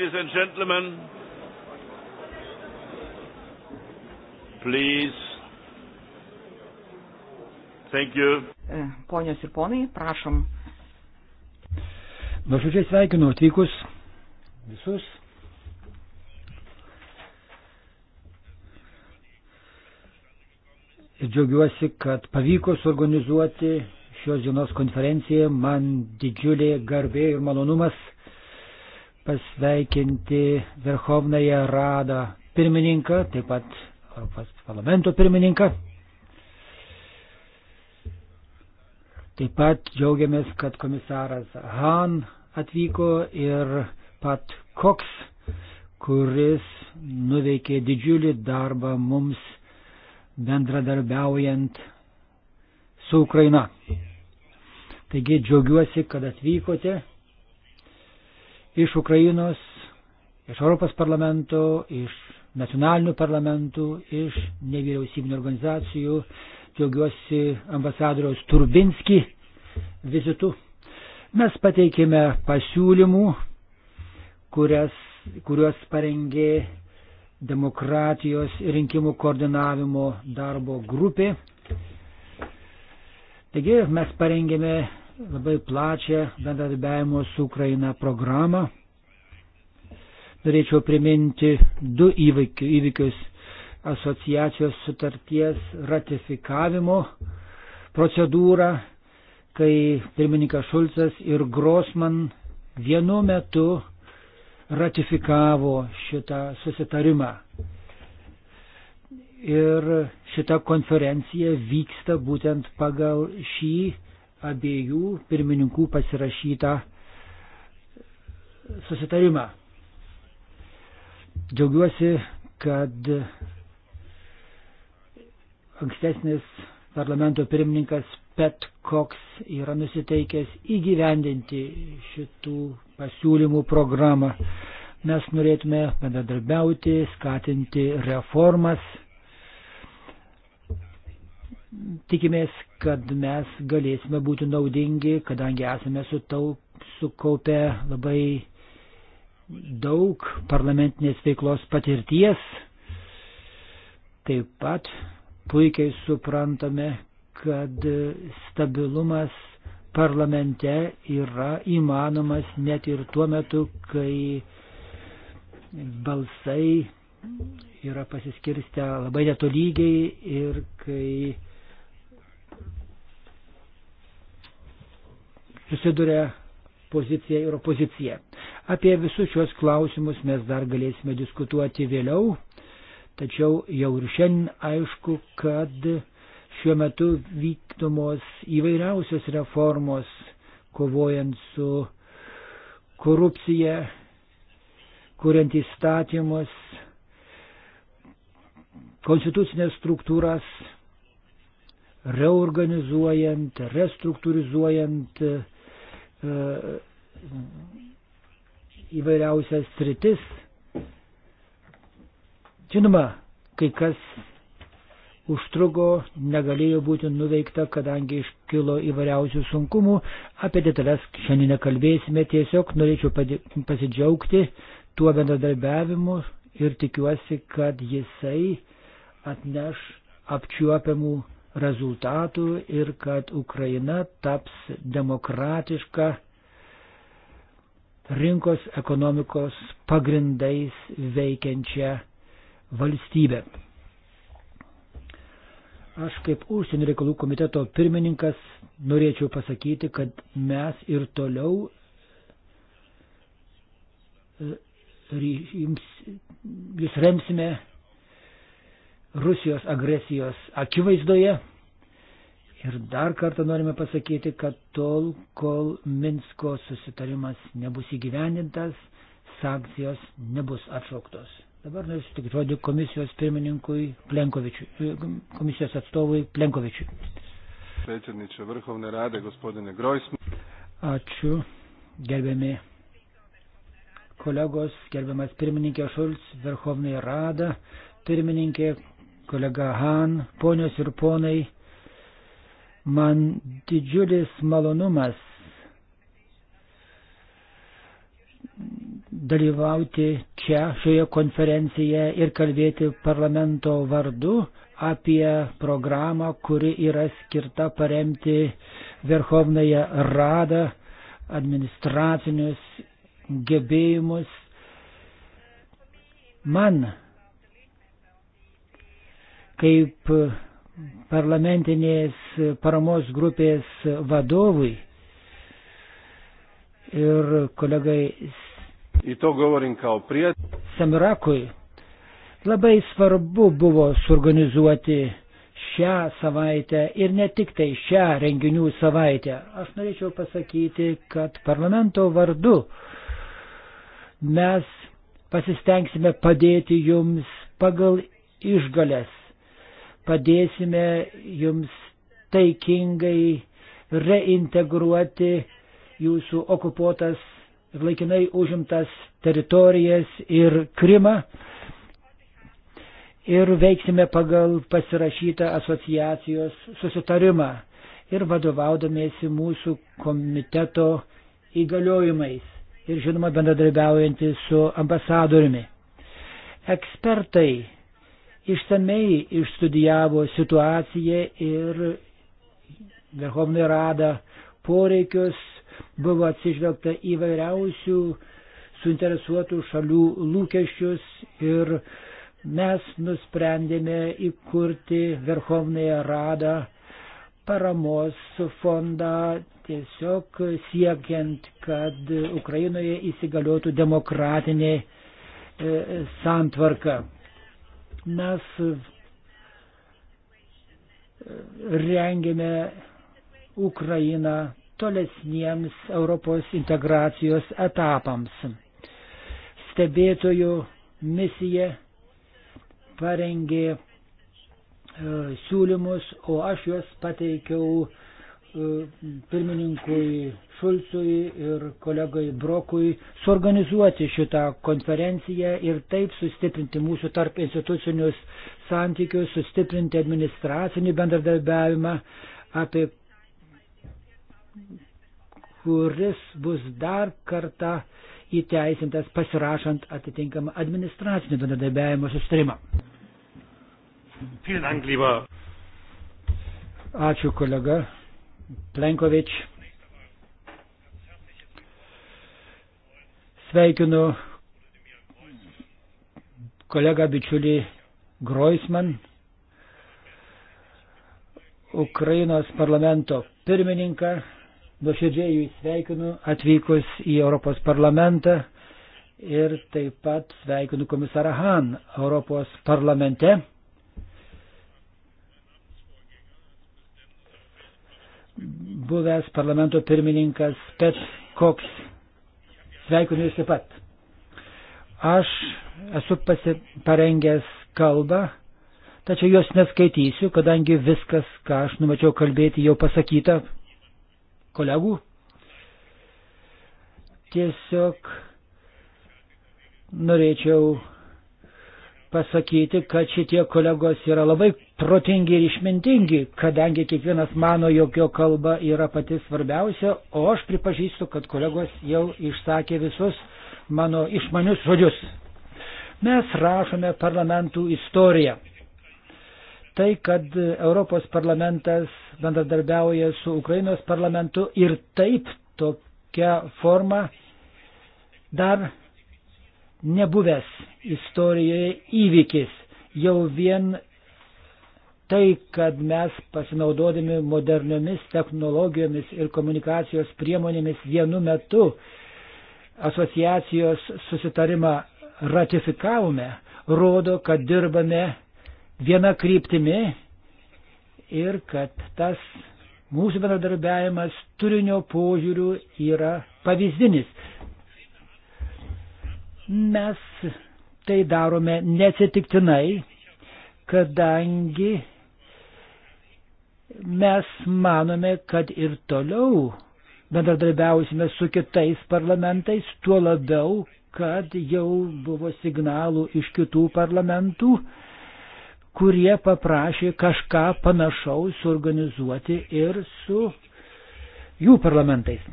Ladies and gentlemen, please. Thank you. E, ponios ir ponai, prašom. Nuoširdžiai sveikinu atvykus visus. Ir džiaugiuosi, kad pavyko suorganizuoti šios dienos konferenciją. Man didžiulė garbė ir malonumas pasveikinti Verhovnąją Radą pirmininką, taip pat Europos parlamento pirmininką. Taip pat džiaugiamės, kad komisaras Han atvyko ir pat Koks, kuris nuveikė didžiulį darbą mums bendradarbiaujant su Ukraina. Taigi džiaugiuosi, kad atvykote iš Ukrainos, iš Europos parlamento, iš nacionalinių parlamentų, iš nevyriausybinio organizacijų. Džiaugiuosi ambasadoriaus Turbinski vizitu. Mes pateikėme pasiūlymų, kurias, kuriuos parengė demokratijos rinkimų koordinavimo darbo grupė. Taigi mes parengėme labai plačią bendradarbiavimo su Ukraina programą. Norėčiau priminti du įvykius asociacijos sutarties ratifikavimo procedūrą, kai pirmininkas Šulcas ir Grosman vienu metu ratifikavo šitą susitarimą. Ir šita konferencija vyksta būtent pagal šį abiejų pirmininkų pasirašytą susitarimą. Džiaugiuosi, kad ankstesnis parlamento pirmininkas Pet Cox yra nusiteikęs įgyvendinti šitų pasiūlymų programą. Mes norėtume bendradarbiauti, skatinti reformas Tikimės, kad mes galėsime būti naudingi, kadangi esame sutaup, sukaupę labai daug parlamentinės veiklos patirties. Taip pat puikiai suprantame, kad stabilumas parlamente yra įmanomas net ir tuo metu, kai balsai yra pasiskirstę labai netolygiai ir kai susiduria pozicija ir opozicija. Apie visus šios klausimus mes dar galėsime diskutuoti vėliau, tačiau jau ir šiandien aišku, kad šiuo metu vykdomos įvairiausios reformos, kovojant su korupcija, kuriant įstatymus, konstitucinės struktūras, reorganizuojant, restruktūrizuojant E, įvairiausias sritis. Žinoma, kai kas užtruko, negalėjo būti nuveikta, kadangi iškilo įvairiausių sunkumų. Apie detalės šiandien nekalbėsime, tiesiog norėčiau pasidžiaugti tuo bendradarbiavimu ir tikiuosi, kad jisai atneš apčiuopiamų rezultatų ir kad Ukraina taps demokratiška rinkos ekonomikos pagrindais veikiančia valstybė. Aš kaip užsienio reikalų komiteto pirmininkas norėčiau pasakyti, kad mes ir toliau jums, e, jūs remsime Rusijos agresijos akivaizdoje. Ir dar kartą norime pasakyti, kad tol, kol Minsko susitarimas nebus įgyvenintas, sankcijos nebus atšauktos. Dabar noriu sutikti žodį komisijos pirmininkui Plenkovičiui, e, komisijos atstovui Plenkovičiui. Predsjedniče Vrhovne rade, gospodine Grojsman. Ačiū, gerbiami kolegos, gerbiamas pirmininkė Šulc, Verhovnai Rada, pirmininkė, kolega Han, ponios ir ponai, man didžiulis malonumas dalyvauti čia šioje konferencijoje ir kalbėti parlamento vardu apie programą, kuri yra skirta paremti Verhovnąją Radą administracinius gebėjimus. Man kaip parlamentinės paramos grupės vadovui ir kolegai Samirakui labai svarbu buvo suorganizuoti šią savaitę ir ne tik tai šią renginių savaitę. Aš norėčiau pasakyti, kad parlamento vardu mes pasistengsime padėti jums pagal išgalės padėsime jums taikingai reintegruoti jūsų okupuotas ir laikinai užimtas teritorijas ir Krimą. Ir veiksime pagal pasirašytą asociacijos susitarimą ir vadovaudomėsi mūsų komiteto įgaliojimais ir žinoma bendradarbiaujantį su ambasadoriumi. Ekspertai išsamei išstudijavo situaciją ir Verhovnai Rada poreikius, buvo atsižvelgta įvairiausių suinteresuotų šalių lūkesčius ir mes nusprendėme įkurti Verhovnąją Radą paramos fondą tiesiog siekiant, kad Ukrainoje įsigaliotų demokratinė e, santvarka mes rengėme Ukrainą tolesniems Europos integracijos etapams. Stebėtojų misija parengė e, siūlymus, o aš juos pateikiau E, pirmininkui Šulcui ir kolegai Brokui suorganizuoti šitą konferenciją ir taip sustiprinti mūsų tarp institucinius santykius, sustiprinti administracinį bendradarbiavimą, apie kuris bus dar kartą įteisintas pasirašant atitinkamą administracinį bendradarbiavimo sustarimą. Ačiū kolega. Plenkovič. Sveikinu kolegą bičiulį Groisman, Ukrainos parlamento pirmininką. Nuoširdžiai jų sveikinu atvykus į Europos parlamentą ir taip pat sveikinu komisarą Han Europos parlamente. buvęs parlamento pirmininkas Pet Koks. Sveikinu jūs taip pat. Aš esu parengęs kalbą, tačiau jos neskaitysiu, kadangi viskas, ką aš numačiau kalbėti, jau pasakyta kolegų. Tiesiog norėčiau pasakyti, kad šitie kolegos yra labai protingi ir išmintingi, kadangi kiekvienas mano, jog jo kalba yra pati svarbiausia, o aš pripažįstu, kad kolegos jau išsakė visus mano išmanius žodžius. Mes rašome parlamentų istoriją. Tai, kad Europos parlamentas bendradarbiauja su Ukrainos parlamentu ir taip tokia forma dar nebuvęs istorijoje įvykis. Jau vien tai, kad mes pasinaudodami moderniomis technologijomis ir komunikacijos priemonėmis vienu metu asociacijos susitarimą ratifikavome, rodo, kad dirbame viena kryptimi ir kad tas mūsų bendradarbiavimas turinio požiūrių yra pavyzdinis. Mes tai darome neatsitiktinai, kadangi mes manome, kad ir toliau bendradarbiausime su kitais parlamentais, tuo labiau, kad jau buvo signalų iš kitų parlamentų, kurie paprašė kažką panašaus suorganizuoti ir su jų parlamentais.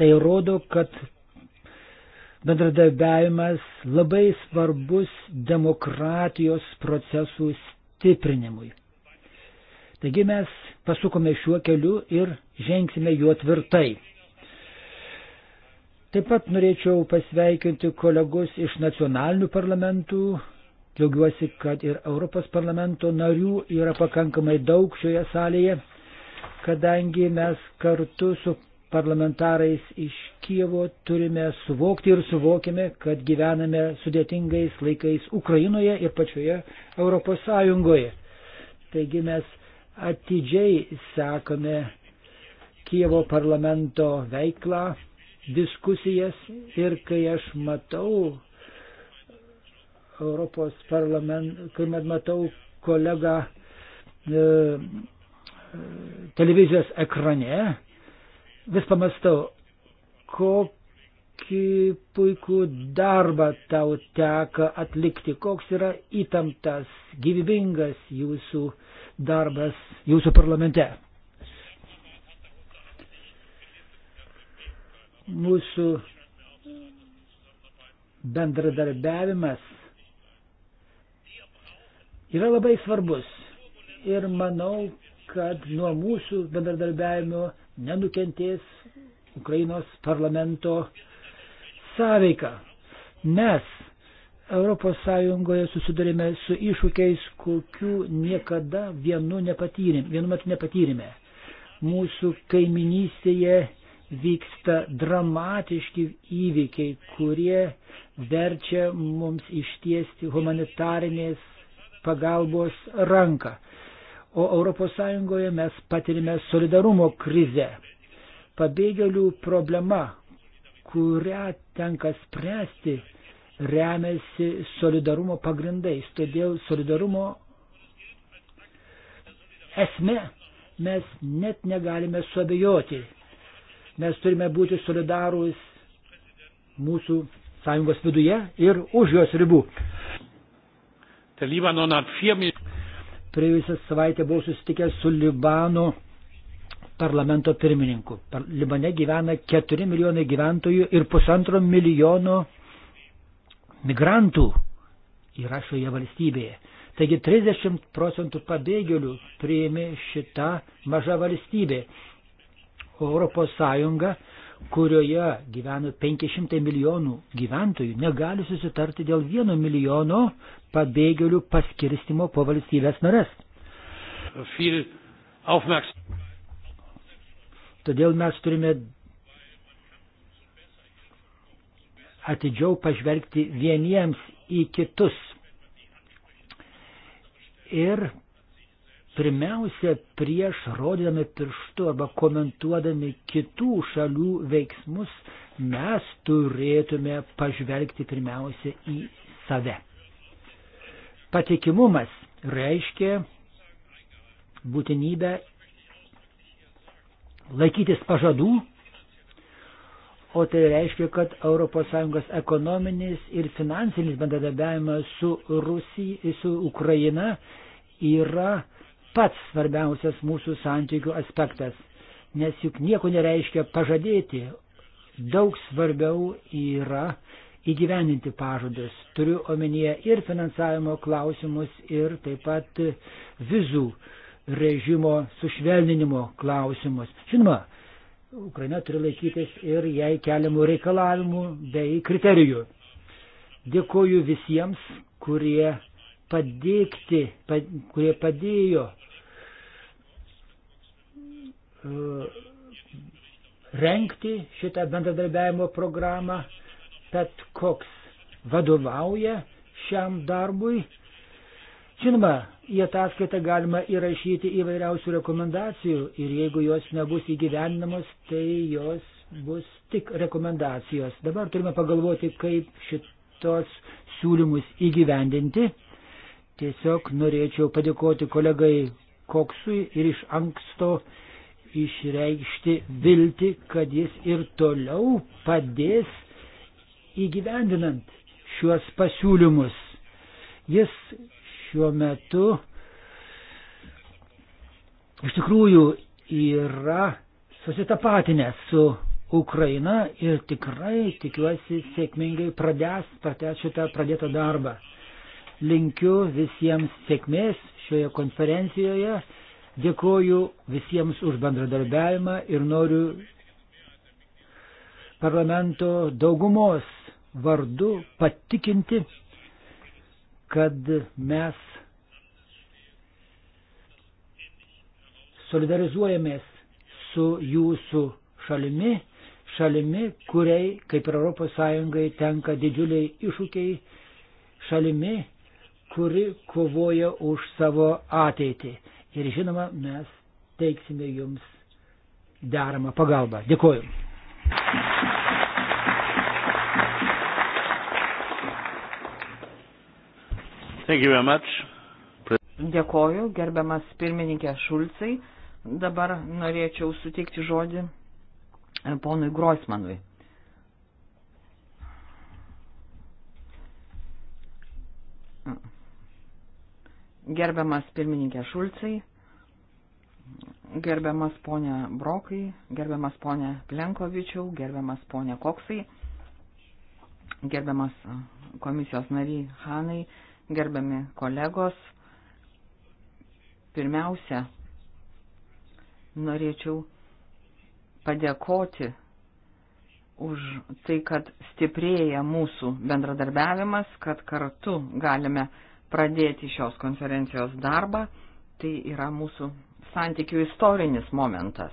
Tai rodo, kad bendradarbiavimas labai svarbus demokratijos procesų stiprinimui. Taigi mes pasukome šiuo keliu ir žengsime juo tvirtai. Taip pat norėčiau pasveikinti kolegus iš nacionalinių parlamentų. Džiaugiuosi, kad ir Europos parlamento narių yra pakankamai daug šioje salėje, kadangi mes kartu su parlamentarais iš Kievo turime suvokti ir suvokime, kad gyvename sudėtingais laikais Ukrainoje ir pačioje Europos Sąjungoje. Taigi mes atidžiai sekame Kievo parlamento veiklą, diskusijas ir kai aš matau Europos parlamentą, kai matau kolegą e, e televizijos ekrane, vis pamastau, kokį puikų darbą tau teka atlikti, koks yra įtamtas, gyvybingas jūsų darbas jūsų parlamente. Mūsų bendradarbiavimas yra labai svarbus ir manau, kad nuo mūsų bendradarbiavimo nenukentės Ukrainos parlamento sąveika. Mes ES susidurime su iššūkiais, kokių niekada vienu, nepatyrėm, vienu metu nepatyrėme. Mūsų kaiminystėje vyksta dramatiški įvykiai, kurie verčia mums ištiesti humanitarinės pagalbos ranką o ES mes patirime solidarumo krizę. Pabėgėlių problema, kurią tenka spręsti, remiasi solidarumo pagrindais. Todėl solidarumo esme mes net negalime suabejoti. Mes turime būti solidarūs mūsų sąjungos viduje ir už jos ribų. Der Libanon hat 4 Millionen Praėjusią savaitę buvau susitikęs su Libano parlamento pirmininku. Libane gyvena 4 milijonai gyventojų ir pusantro milijono migrantų yra šioje valstybėje. Taigi 30 procentų pabėgėlių priėmė šita maža valstybė. Europos Sąjunga kurioje gyvena 500 milijonų gyventojų, negali susitarti dėl vieno milijono pabėgėlių paskirstimo po valstybės nares. Todėl mes turime atidžiau pažvelgti vieniems į kitus ir Pirmiausia, prieš rodydami pirštu arba komentuodami kitų šalių veiksmus, mes turėtume pažvelgti pirmiausia į save. Patikimumas reiškia būtinybę laikytis pažadų, o tai reiškia, kad ES ekonominis ir finansinis bendradarbiavimas su, Rusija, su Ukraina yra pats svarbiausias mūsų santykių aspektas, nes juk nieko nereiškia pažadėti, daug svarbiau yra įgyveninti pažadus. Turiu omenyje ir finansavimo klausimus, ir taip pat vizų režimo sušvelninimo klausimus. Žinoma, Ukraina turi laikytis ir jai keliamų reikalavimų bei kriterijų. Dėkoju visiems, kurie, padėkti, pad, kurie padėjo E, renkti šitą bendradarbiavimo programą, tad koks vadovauja šiam darbui. Žinoma, į ataskaitą galima įrašyti įvairiausių rekomendacijų ir jeigu jos nebus įgyvendinamos, tai jos bus tik rekomendacijos. Dabar turime pagalvoti, kaip šitos siūlymus įgyvendinti. Tiesiog norėčiau padėkoti kolegai Koksui ir iš anksto uh, išreikšti vilti, kad jis ir toliau padės įgyvendinant šiuos pasiūlymus. Jis šiuo metu iš tikrųjų yra susitapatinęs su Ukraina ir tikrai tikiuosi sėkmingai pradės, pratęs šitą pradėtą darbą. Linkiu visiems sėkmės šioje konferencijoje Dėkoju visiems už bendradarbiavimą ir noriu parlamento daugumos vardu patikinti, kad mes solidarizuojamės su jūsų šalimi, šalimi, kuriai, kaip ir ES, tenka didžiuliai iššūkiai, šalimi, kuri kovoja už savo ateitį. Ir žinoma, mes teiksime jums deramą pagalbą. Dėkuoju. Dėkoju, gerbiamas pirmininkė Šulcai. Dabar norėčiau suteikti žodį ponui Groismanui. Gerbiamas pirmininkė Šulcai, gerbiamas ponė Brokai, gerbiamas ponė Plenkovičiau, gerbiamas ponė Koksai, gerbiamas komisijos nariai Hanai, gerbiami kolegos. Pirmiausia, norėčiau padėkoti už tai, kad stiprėja mūsų bendradarbiavimas, kad kartu galime pradėti šios konferencijos darbą. Tai yra mūsų santykių istorinis momentas.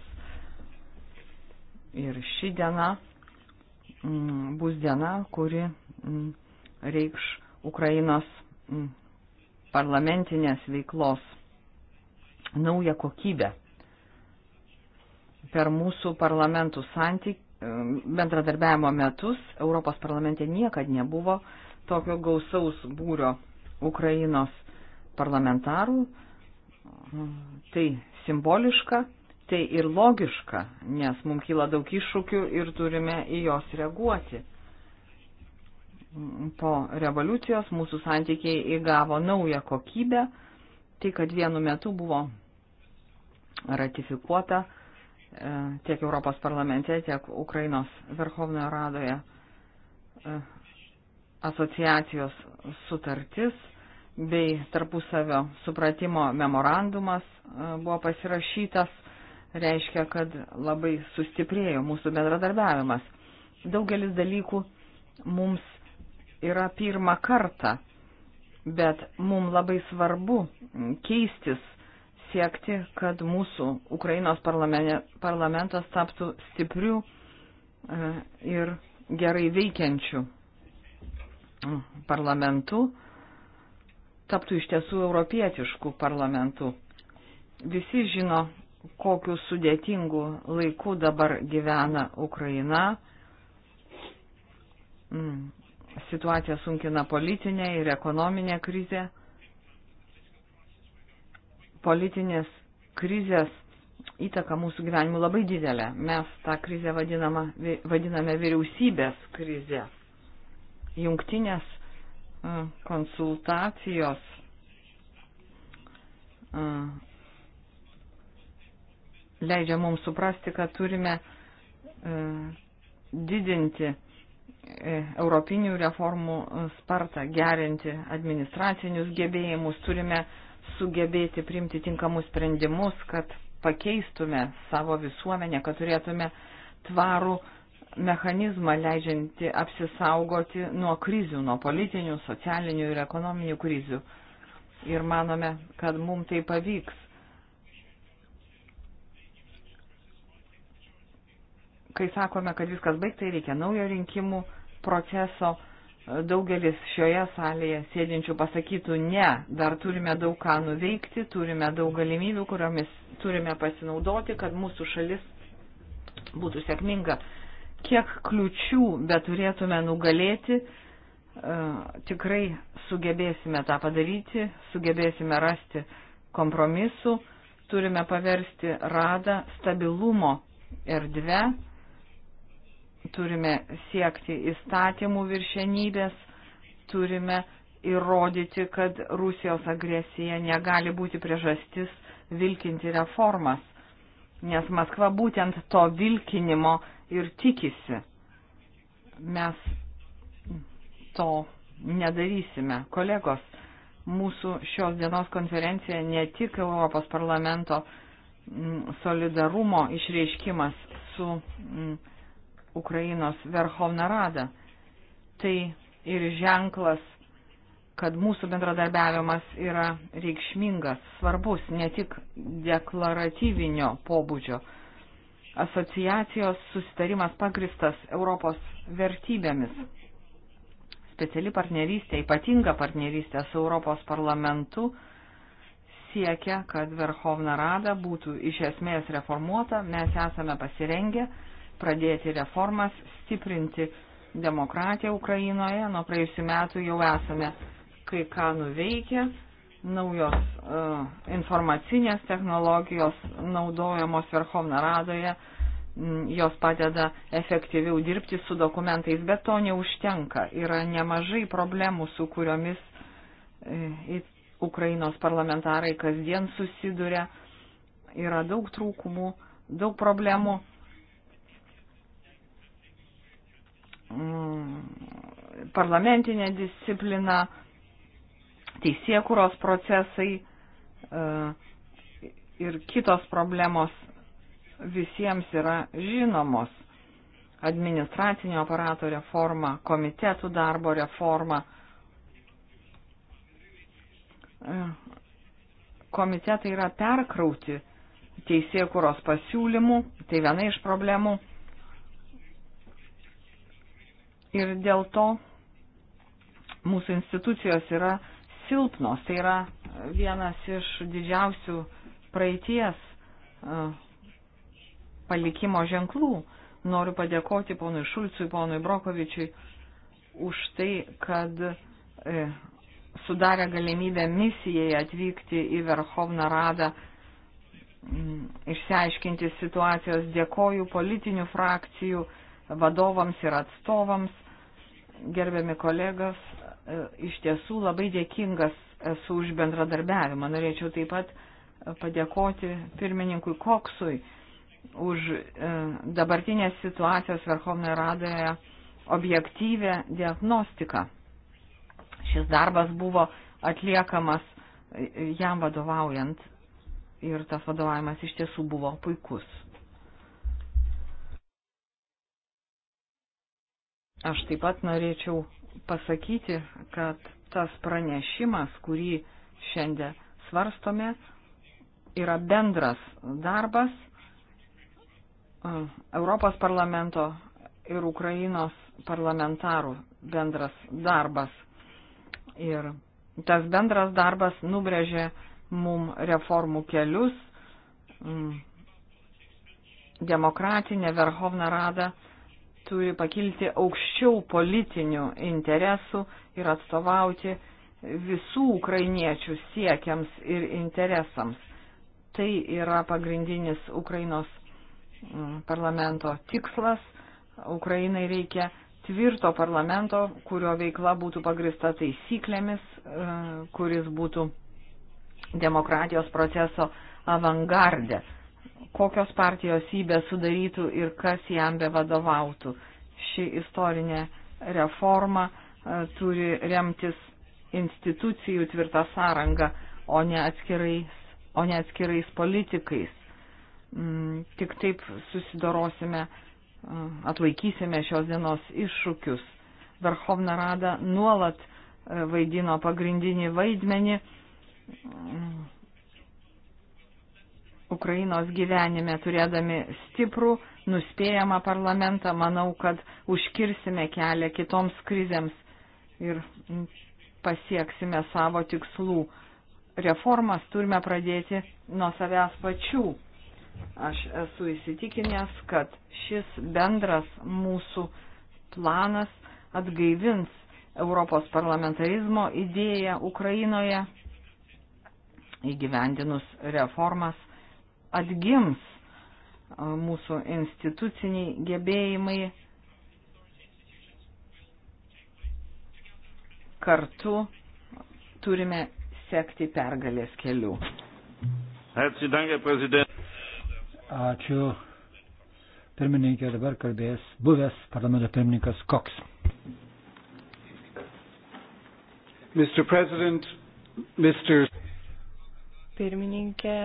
Ir ši diena m, mm, bus diena, kuri m, mm, reikš Ukrainos m, mm, parlamentinės veiklos naują kokybę per mūsų parlamentų santyk, bendradarbiavimo metus Europos parlamente niekad nebuvo tokio gausaus būrio Ukrainos parlamentarų. Tai simboliška, tai ir logiška, nes mums kyla daug iššūkių ir turime į juos reaguoti. Po revoliucijos mūsų santykiai įgavo naują kokybę, tai kad vienu metu buvo ratifikuota e, tiek Europos parlamente, tiek Ukrainos Verhovnoje Radoje e, asociacijos sutartis bei tarpusavio supratimo memorandumas e, buvo pasirašytas, reiškia, kad labai sustiprėjo mūsų bendradarbiavimas. Daugelis dalykų mums yra pirmą kartą, bet mums labai svarbu keistis, siekti, kad mūsų Ukrainos parlamentas taptų stipriu e, ir gerai veikiančiu parlamentu taptų iš tiesų europietiškų parlamentų. Visi žino, kokiu sudėtingu laiku dabar gyvena Ukraina. Mm, situacija sunkina politinė ir ekonominė krizė. Politinės krizės įtaka mūsų gyvenimui labai didelė. Mes tą krizę vadiname vyriausybės krizė. Jungtinės konsultacijos leidžia mums suprasti, kad turime didinti e, europinių reformų spartą, gerinti administracinius gebėjimus, turime sugebėti priimti tinkamus sprendimus, kad pakeistume savo visuomenę, kad turėtume tvarų mechanizmą leidžianti apsisaugoti nuo krizių, nuo politinių, socialinių ir ekonominių krizių. Ir manome, kad mums tai pavyks. Kai sakome, kad viskas baigtai, reikia naujo rinkimų proceso, daugelis šioje salėje sėdinčių pasakytų ne, dar turime daug ką nuveikti, turime daug galimybių, kuriomis turime pasinaudoti, kad mūsų šalis būtų sėkminga kiek kliučių beturėtume nugalėti, e, tikrai sugebėsime tą padaryti, sugebėsime rasti kompromisų, turime paversti radą stabilumo erdvę, turime siekti įstatymų viršenybės, turime įrodyti, kad Rusijos agresija negali būti priežastis vilkinti reformas nes Maskva būtent to vilkinimo ir tikisi. Mes to nedarysime. Kolegos, mūsų šios dienos konferencija ne tik Europos parlamento mm, solidarumo išreiškimas su mm, Ukrainos Verhovna Rada, tai ir ženklas kad mūsų bendradarbiavimas yra reikšmingas, svarbus, ne tik deklaratyvinio pobūdžio. Asociacijos susitarimas pagristas Europos vertybėmis. Speciali partnerystė, ypatinga partnerystė su Europos parlamentu siekia, kad Verhovna Rada būtų iš esmės reformuota. Mes esame pasirengę pradėti reformas, stiprinti demokratiją Ukrainoje. Nuo praėjusių metų jau esame kai ką nuveikia, naujos uh, informacinės technologijos naudojamos Verhovna Radoje, m, jos padeda efektyviau dirbti su dokumentais, bet to neužtenka. Yra nemažai problemų, su kuriomis uh, Ukrainos parlamentarai kasdien susiduria. Yra daug trūkumų, daug problemų. Mm, parlamentinė disciplina, uh, teisėkuros procesai e, ir kitos problemos visiems yra žinomos. Administracinio aparato reforma, komitetų darbo reforma. E, komitetai yra perkrauti teisėkuros pasiūlymų, tai viena iš problemų. Ir dėl to mūsų institucijos yra silpnos. Tai yra vienas iš didžiausių praeities e, palikimo ženklų. Noriu padėkoti ponui Šulcui, ponui Brokovičiui už tai, kad e, sudarė galimybę misijai atvykti į Verhovną Radą, m, išsiaiškinti situacijos. Dėkoju politinių frakcijų vadovams ir atstovams. Gerbiami kolegas, E, iš tiesų labai dėkingas esu už bendradarbiavimą. Norėčiau taip pat e, padėkoti pirmininkui Koksui už e, dabartinės situacijos Verhovnoje Radoje objektyvę diagnostiką. Šis darbas buvo atliekamas jam vadovaujant ir tas vadovavimas iš tiesų buvo puikus. Aš taip pat norėčiau pasakyti, kad tas pranešimas, kurį šiandien svarstome, yra bendras darbas e, Europos parlamento ir Ukrainos parlamentarų bendras darbas. Ir tas bendras darbas nubrėžė mum reformų kelius, demokratinė Verhovna Rada turi pakilti aukščiau politinių interesų ir atstovauti visų ukrainiečių siekiams ir interesams. Tai yra pagrindinis Ukrainos mm, parlamento tikslas. Ukrainai reikia tvirto parlamento, kurio veikla būtų pagrista taisyklėmis, e, kuris būtų demokratijos proceso avangardė kokios partijos jį besudarytų ir kas jam bevadovautų. Ši istorinė reforma e, turi remtis institucijų tvirtą sąrangą, o ne atskirais, o ne atskirais politikais. Mm, tik taip susidorosime, e, atlaikysime šios dienos iššūkius. Verhovna Rada nuolat e, vaidino pagrindinį vaidmenį mm, Ukrainos gyvenime, turėdami stiprų, nuspėjamą parlamentą, manau, kad užkirsime kelią kitoms krizėms ir pasieksime savo tikslų. Reformas turime pradėti nuo savęs pačių. Aš esu įsitikinęs, kad šis bendras mūsų planas atgaivins Europos parlamentarizmo idėją Ukrainoje įgyvendinus reformas atgims mūsų instituciniai gebėjimai kartu turime sekti pergalės keliu. Ačiū. Pirmininkė dabar kalbės buvęs parlamento pirmininkas Koks. Mr. President, Mr. Pirmininkė,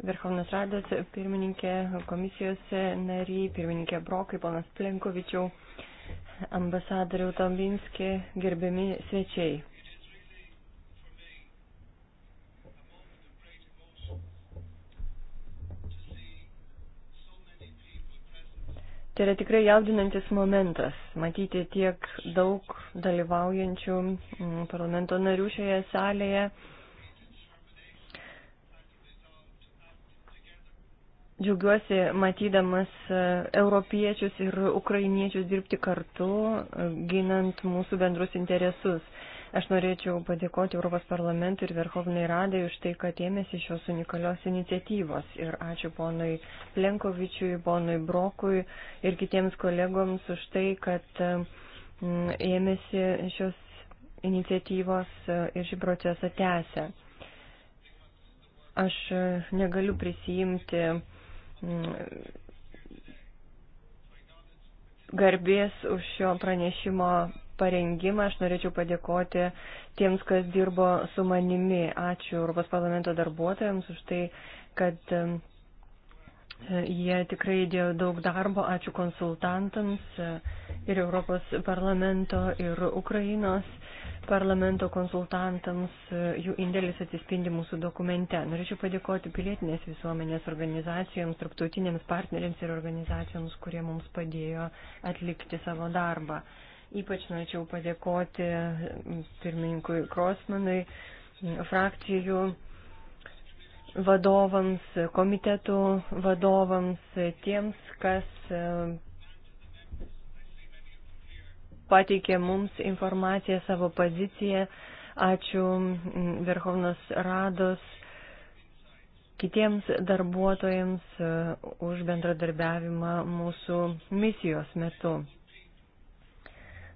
Verhovnos rados pirmininkė, komisijos nariai, pirmininkė Brokai, ponas Plenkovičiau, ambasadoriau Tambinski, gerbiami svečiai. Tai yra tikrai jaudinantis momentas matyti tiek daug dalyvaujančių mm, parlamento narių šioje salėje Džiaugiuosi matydamas e, europiečius ir ukrainiečius dirbti kartu, e, ginant mūsų bendrus interesus. Aš norėčiau padėkoti Europos parlamentui ir Verhovnai Radai už tai, kad ėmėsi šios unikalios iniciatyvos. Ir ačiū ponui Plenkovičiui, ponui Brokui ir kitiems kolegoms už tai, kad e, ėmėsi šios iniciatyvos ir šį procesą tęsia. Aš negaliu prisijimti Mm, garbės už šio pranešimo parengimą. Aš norėčiau padėkoti tiems, kas dirbo su manimi. Ačiū Europos parlamento darbuotojams už tai, kad mm, jie tikrai įdėjo daug darbo. Ačiū konsultantams ir Europos parlamento ir Ukrainos parlamento konsultantams, e, jų indėlis atsispindi mūsų dokumente. Norėčiau padėkoti pilietinės visuomenės organizacijoms, tarptautinėms partneriams ir organizacijoms, kurie mums padėjo atlikti savo darbą. Ypač norėčiau padėkoti pirmininkui Krosmanui, frakcijų vadovams, komitetų vadovams, tiems, kas e, pateikė mums informaciją, savo poziciją. Ačiū Verhovnos Rados kitiems darbuotojams e, už bendradarbiavimą mūsų misijos metu.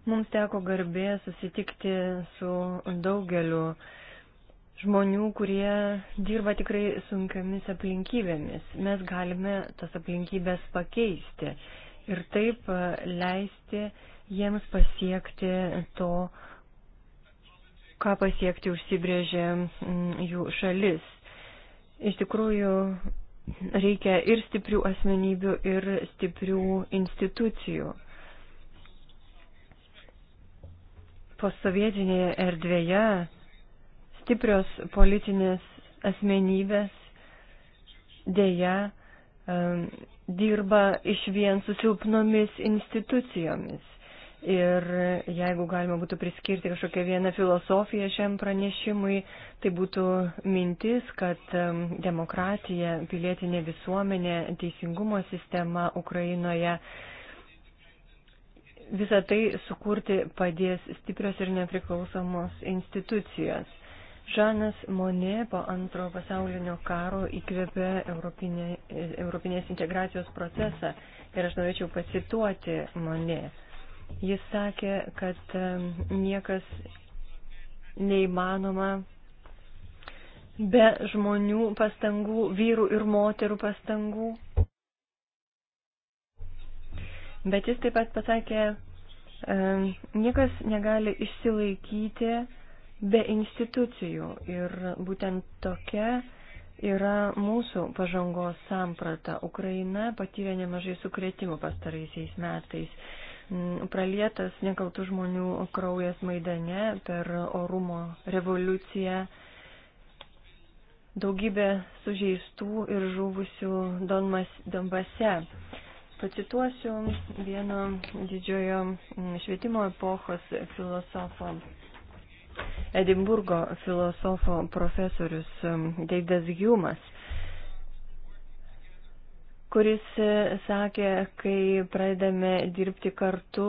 Mums teko garbė susitikti su daugeliu žmonių, kurie dirba tikrai sunkiamis aplinkybėmis. Mes galime tas aplinkybės pakeisti ir taip e, leisti jiems pasiekti to, ką pasiekti užsibrėžė mm, jų šalis. Iš tikrųjų, reikia ir stiprių asmenybių, ir stiprių institucijų. Postsovietinėje erdvėje stiprios politinės asmenybės dėja mm, dirba iš vien su silpnomis institucijomis. Ir jeigu galima būtų priskirti kažkokią vieną filosofiją šiam pranešimui, tai būtų mintis, kad demokratija, pilietinė visuomenė, teisingumo sistema Ukrainoje, visą tai sukurti padės stiprios ir nepriklausomos institucijos. Žanas Monė po antro pasaulinio karo įkvėpė europinė, europinės integracijos procesą ir aš norėčiau pacituoti Monė. Jis sakė, kad niekas neįmanoma be žmonių pastangų, vyrų ir moterų pastangų. Bet jis taip pat pasakė, niekas negali išsilaikyti be institucijų ir būtent tokia yra mūsų pažangos samprata. Ukraina patyrė nemažai sukretimų pastaraisiais metais. Mm, pralietas nekaltų žmonių kraujas Maidane per orumo revoliuciją, daugybė sužeistų ir žuvusių Donbase. Pacituosiu vieno didžiojo mm, švietimo epochos filosofo, Edimburgo filosofo profesorius Deidas mm, Humas kuris e, sakė, kai pradedame dirbti kartu,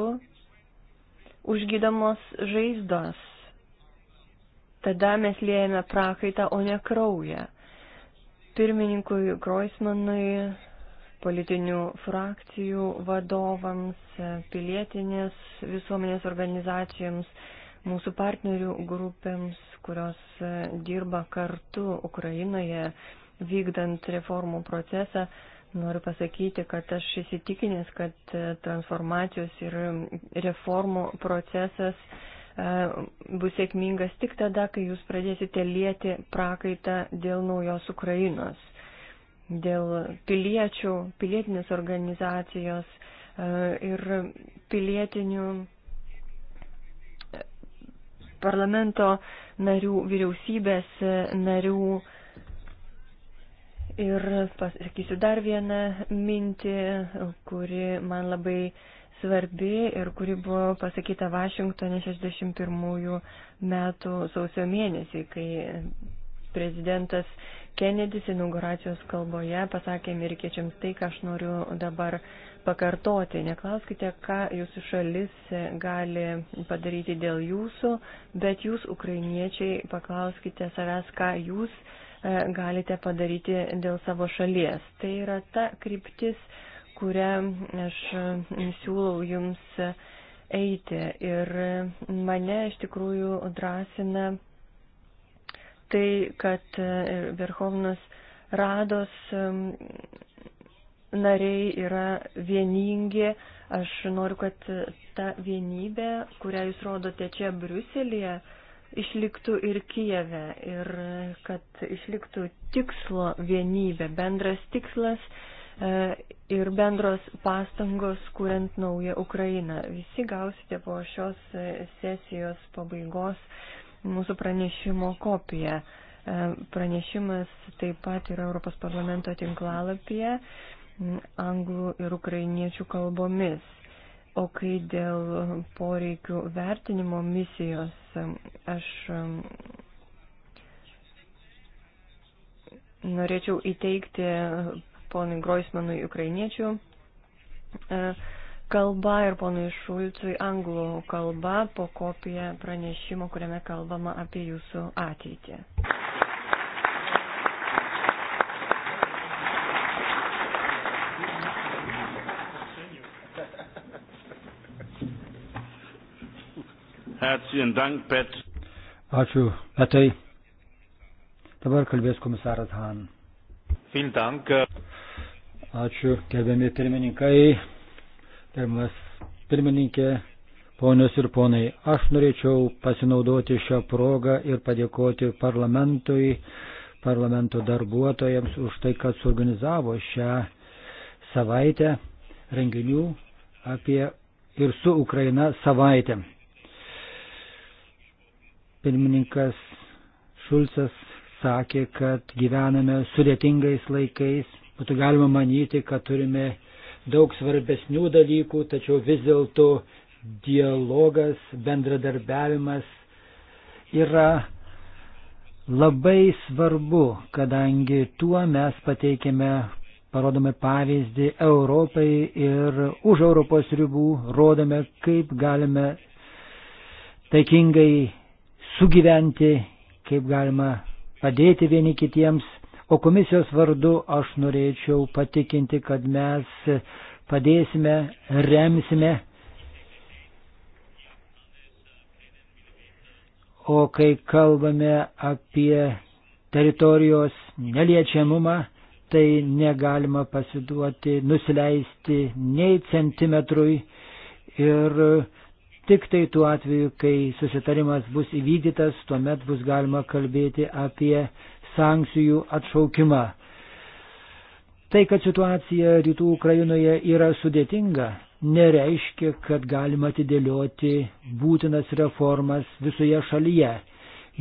užgydamos žaizdos. Tada mes liejame prakaitą, o ne kraują. Pirmininkui Groismanui, politinių frakcijų vadovams, pilietinės visuomenės organizacijoms, mūsų partnerių grupėms, kurios e, dirba kartu Ukrainoje vykdant reformų procesą, Noriu pasakyti, kad aš įsitikinęs, kad e, transformacijos ir reformų procesas e, bus sėkmingas tik tada, kai jūs pradėsite lieti prakaitą dėl naujos Ukrainos, dėl piliečių, pilietinės organizacijos e, ir pilietinių parlamento narių, vyriausybės narių Ir pasakysiu dar vieną mintį, kuri man labai svarbi ir kuri buvo pasakyta Vašingtonė 61 metų sausio mėnesį, kai prezidentas Kennedys inauguracijos kalboje pasakė amerikiečiams tai, ką aš noriu dabar pakartoti. Neklauskite, ką jūsų šalis gali padaryti dėl jūsų, bet jūs, ukrainiečiai, paklauskite savęs, ką jūs E, galite padaryti dėl savo šalies. Tai yra ta kryptis, kurią aš e, siūlau jums eiti. Ir mane iš tikrųjų drąsina tai, kad e, Verhovnos Rados nariai yra vieningi. Aš noriu, kad ta vienybė, kurią jūs rodote čia Briuselėje, išliktų ir Kijeve ir kad išliktų tikslo vienybė, bendras tikslas e, ir bendros pastangos, kuriant naują Ukrainą. Visi gausite po šios e, sesijos pabaigos mūsų pranešimo kopiją. E, pranešimas taip pat yra Europos parlamento tinklalapyje anglų ir ukrainiečių kalbomis. O kai dėl poreikių vertinimo misijos, aš um, norėčiau įteikti ponui Groismanui ukrainiečių e, kalba ir ponui Šulcui anglų kalba po kopiją pranešimo, kuriame kalbama apie jūsų ateitį. Ačiū, Metai. Dabar kalbės komisaras Han. Ačiū, gerbiami pirmininkai, gerbiamas pirmininkė, ponios ir ponai. Aš norėčiau pasinaudoti šią progą ir padėkoti parlamentui, parlamento darbuotojams už tai, kad suorganizavo šią savaitę renginių apie ir su Ukraina savaitę pirmininkas Šulcas sakė, kad gyvename sudėtingais laikais, būtų galima manyti, kad turime daug svarbesnių dalykų, tačiau vis dėlto dialogas, bendradarbiavimas yra labai svarbu, kadangi tuo mes pateikėme, parodome pavyzdį Europai ir už Europos ribų rodome, kaip galime taikingai sugyventi, kaip galima padėti vieni kitiems. O komisijos vardu aš norėčiau patikinti, kad mes padėsime, remsime. O kai kalbame apie teritorijos neliečiamumą, tai negalima pasiduoti, nusileisti nei centimetrui ir Tik tai tuo atveju, kai susitarimas bus įvykdytas, tuomet bus galima kalbėti apie sankcijų atšaukimą. Tai, kad situacija rytų Ukrainoje yra sudėtinga, nereiškia, kad galima atidėlioti būtinas reformas visoje šalyje.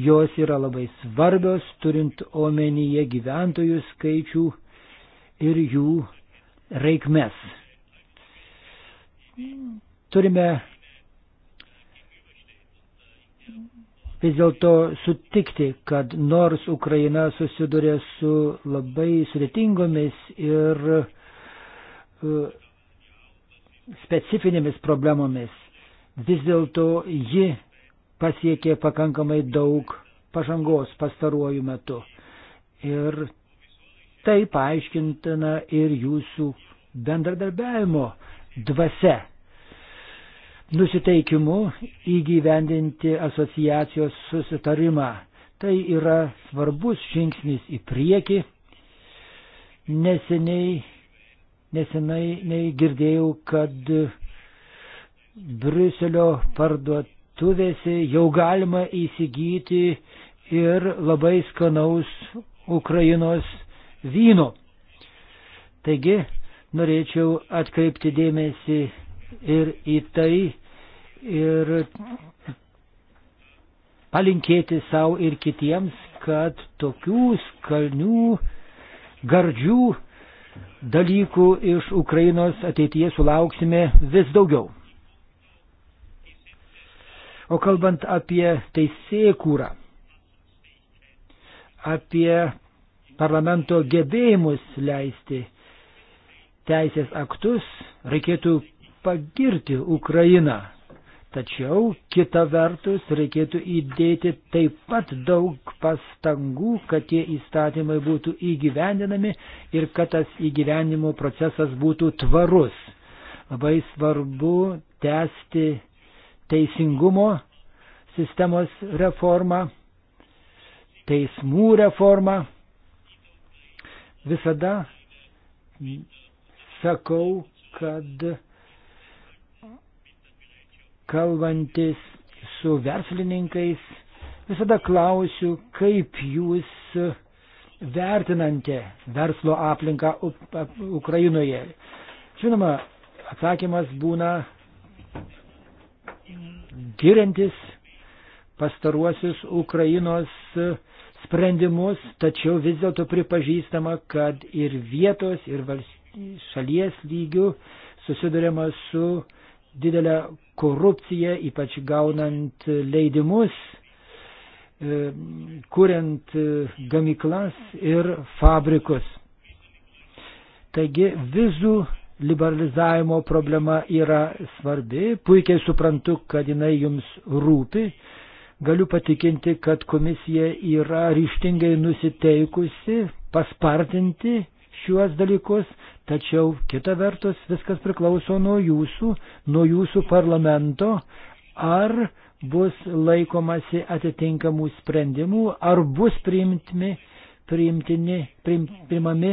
Jos yra labai svarbios, turint omenyje gyventojų skaičių ir jų reikmes. Turime vis dėlto sutikti, kad nors Ukraina susiduria su labai sudėtingomis ir e, specifinėmis problemomis, vis dėlto ji pasiekė pakankamai daug pažangos pastaruoju metu. Ir tai paaiškintina ir jūsų bendradarbiavimo dvasia nusiteikimu įgyvendinti asociacijos susitarimą. Tai yra svarbus žingsnis į priekį. Neseniai, nesenai girdėjau, kad Briuselio parduotuvėse jau galima įsigyti ir labai skanaus Ukrainos vyno. Taigi, norėčiau atkreipti dėmesį ir į tai, ir palinkėti savo ir kitiems, kad tokių skalnių, gardžių dalykų iš Ukrainos ateityje sulauksime vis daugiau. O kalbant apie teisėkūrą, apie parlamento gebėjimus leisti teisės aktus, reikėtų pagirti Ukrainą Tačiau kita vertus reikėtų įdėti taip pat daug pastangų, kad tie įstatymai būtų įgyvendinami ir kad tas įgyvendinimo procesas būtų tvarus. Labai svarbu tęsti teisingumo sistemos reformą, teismų reformą. Visada sakau, kad kalbantis su verslininkais, visada klausiu, kaip jūs vertinate verslo aplinką Ukrainoje. Žinoma, atsakymas būna giriantis pastaruosius Ukrainos sprendimus, tačiau vis dėlto pripažįstama, kad ir vietos, ir šalies lygių susidurima su didelė korupcija, ypač gaunant leidimus, e, kuriant e, gamyklas ir fabrikus. Taigi vizų liberalizavimo problema yra svarbi, puikiai suprantu, kad jinai jums rūpi. Galiu patikinti, kad komisija yra ryštingai nusiteikusi paspartinti šiuos dalykus, Tačiau kita vertus viskas priklauso nuo jūsų, nuo jūsų parlamento, ar bus laikomasi atitinkamų sprendimų, ar bus priimtimi, priimtini, priim, primami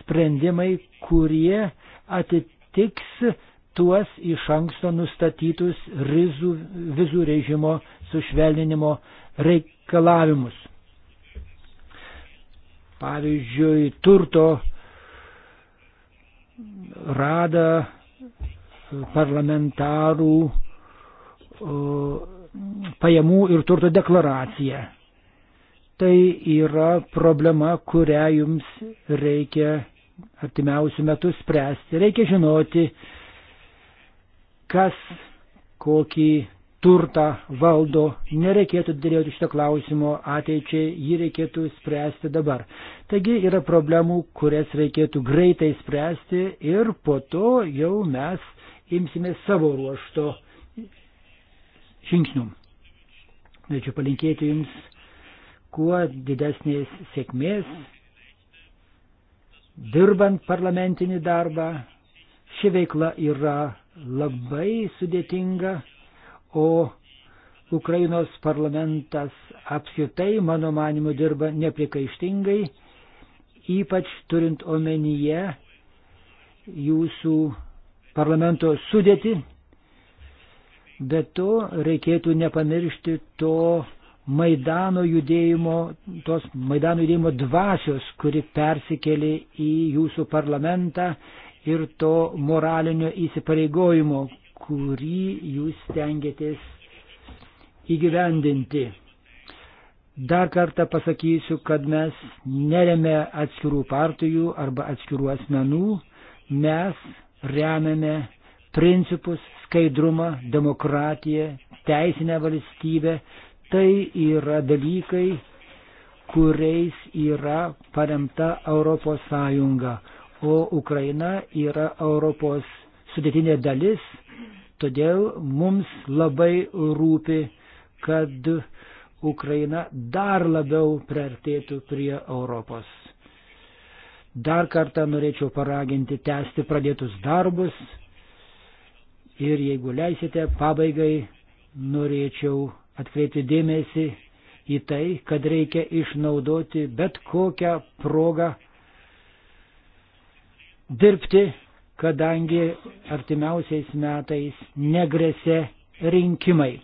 sprendimai, kurie atitiks tuos iš anksto nustatytus rizų, vizų režimo sušvelninimo reikalavimus. Pavyzdžiui, turto radą parlamentarų pajamų ir turto deklaraciją. Tai yra problema, kurią jums reikia artimiausių metų spręsti. Reikia žinoti, kas kokį turtą valdo, nereikėtų dėlioti šito klausimo ateičiai, jį reikėtų spręsti dabar. Taigi yra problemų, kurias reikėtų greitai spręsti ir po to jau mes imsime savo ruošto žingsnių. Norėčiau palinkėti Jums kuo didesnės sėkmės, dirbant parlamentinį darbą. Ši veikla yra labai sudėtinga o Ukrainos parlamentas apskritai, mano manimu, dirba neprikaištingai, ypač turint omenyje jūsų parlamento sudėti. Be to reikėtų nepamiršti to Maidano judėjimo, tos Maidano judėjimo dvasios, kuri persikėlė į jūsų parlamentą ir to moralinio įsipareigojimo, kurį jūs stengiatės įgyvendinti. Dar kartą pasakysiu, kad mes neremė atskirų partijų arba atskirų asmenų, mes remiame principus, skaidrumą, demokratiją, teisinę valstybę. Tai yra dalykai, kuriais yra paremta Europos Sąjunga, o Ukraina yra Europos sudėtinė dalis, Todėl mums labai rūpi, kad Ukraina dar labiau priartėtų prie Europos. Dar kartą norėčiau paraginti tęsti pradėtus darbus ir jeigu leisite, pabaigai norėčiau atkreipti dėmesį į tai, kad reikia išnaudoti bet kokią progą dirbti kadangi artimiausiais metais negresia rinkimai.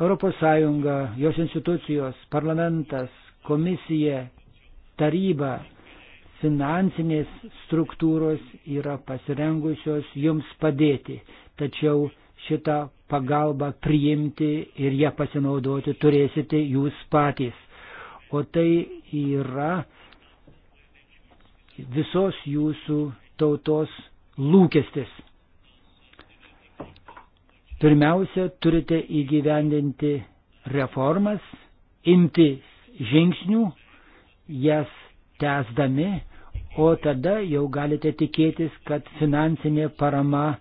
ES, jos institucijos, parlamentas, komisija, taryba, finansinės struktūros yra pasirengusios jums padėti, tačiau šitą pagalbą priimti ir ją pasinaudoti turėsite jūs patys. O tai yra visos jūsų tautos lūkestis. Pirmiausia, turite įgyvendinti reformas, imti žingsnių, jas tęsdami, o tada jau galite tikėtis, kad finansinė parama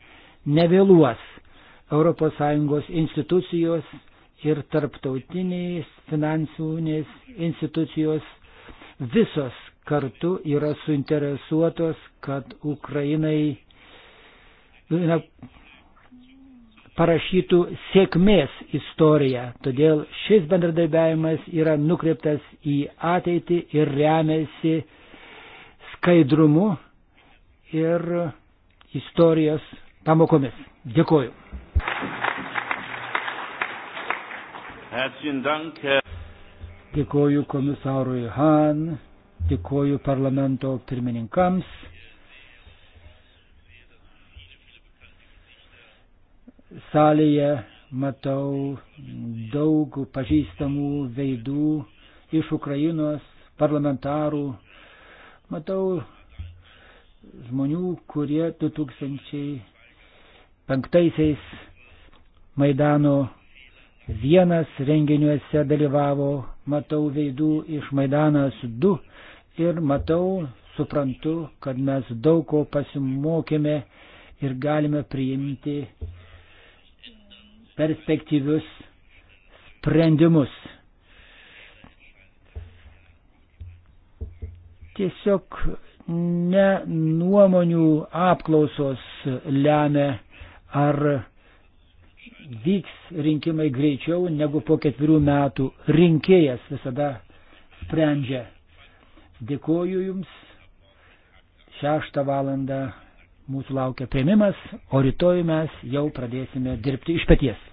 nevėluos. ES institucijos ir tarptautinės finansinės institucijos visos kartu yra suinteresuotos, kad Ukrainai nu, na, parašytų sėkmės istoriją. Todėl šis bendradarbiavimas yra nukreiptas į ateitį ir remiasi skaidrumu ir istorijos pamokomis. Dėkoju. Dėkoju komisarui Han dėkoju parlamento pirmininkams. Salėje matau daug pažįstamų veidų iš Ukrainos parlamentarų. Matau žmonių, kurie 2005 Maidano vienas renginiuose dalyvavo, matau veidų iš Maidanas 2 ir matau, suprantu, kad mes daug ko pasimokėme ir galime priimti perspektyvius sprendimus. Tiesiog ne nuomonių apklausos lemia, ar vyks rinkimai greičiau negu po ketverių metų rinkėjas visada sprendžia. Dėkuoju Jums. Šeštą valandą mūsų laukia prieimimas, o rytoj mes jau pradėsime dirbti iš pėties.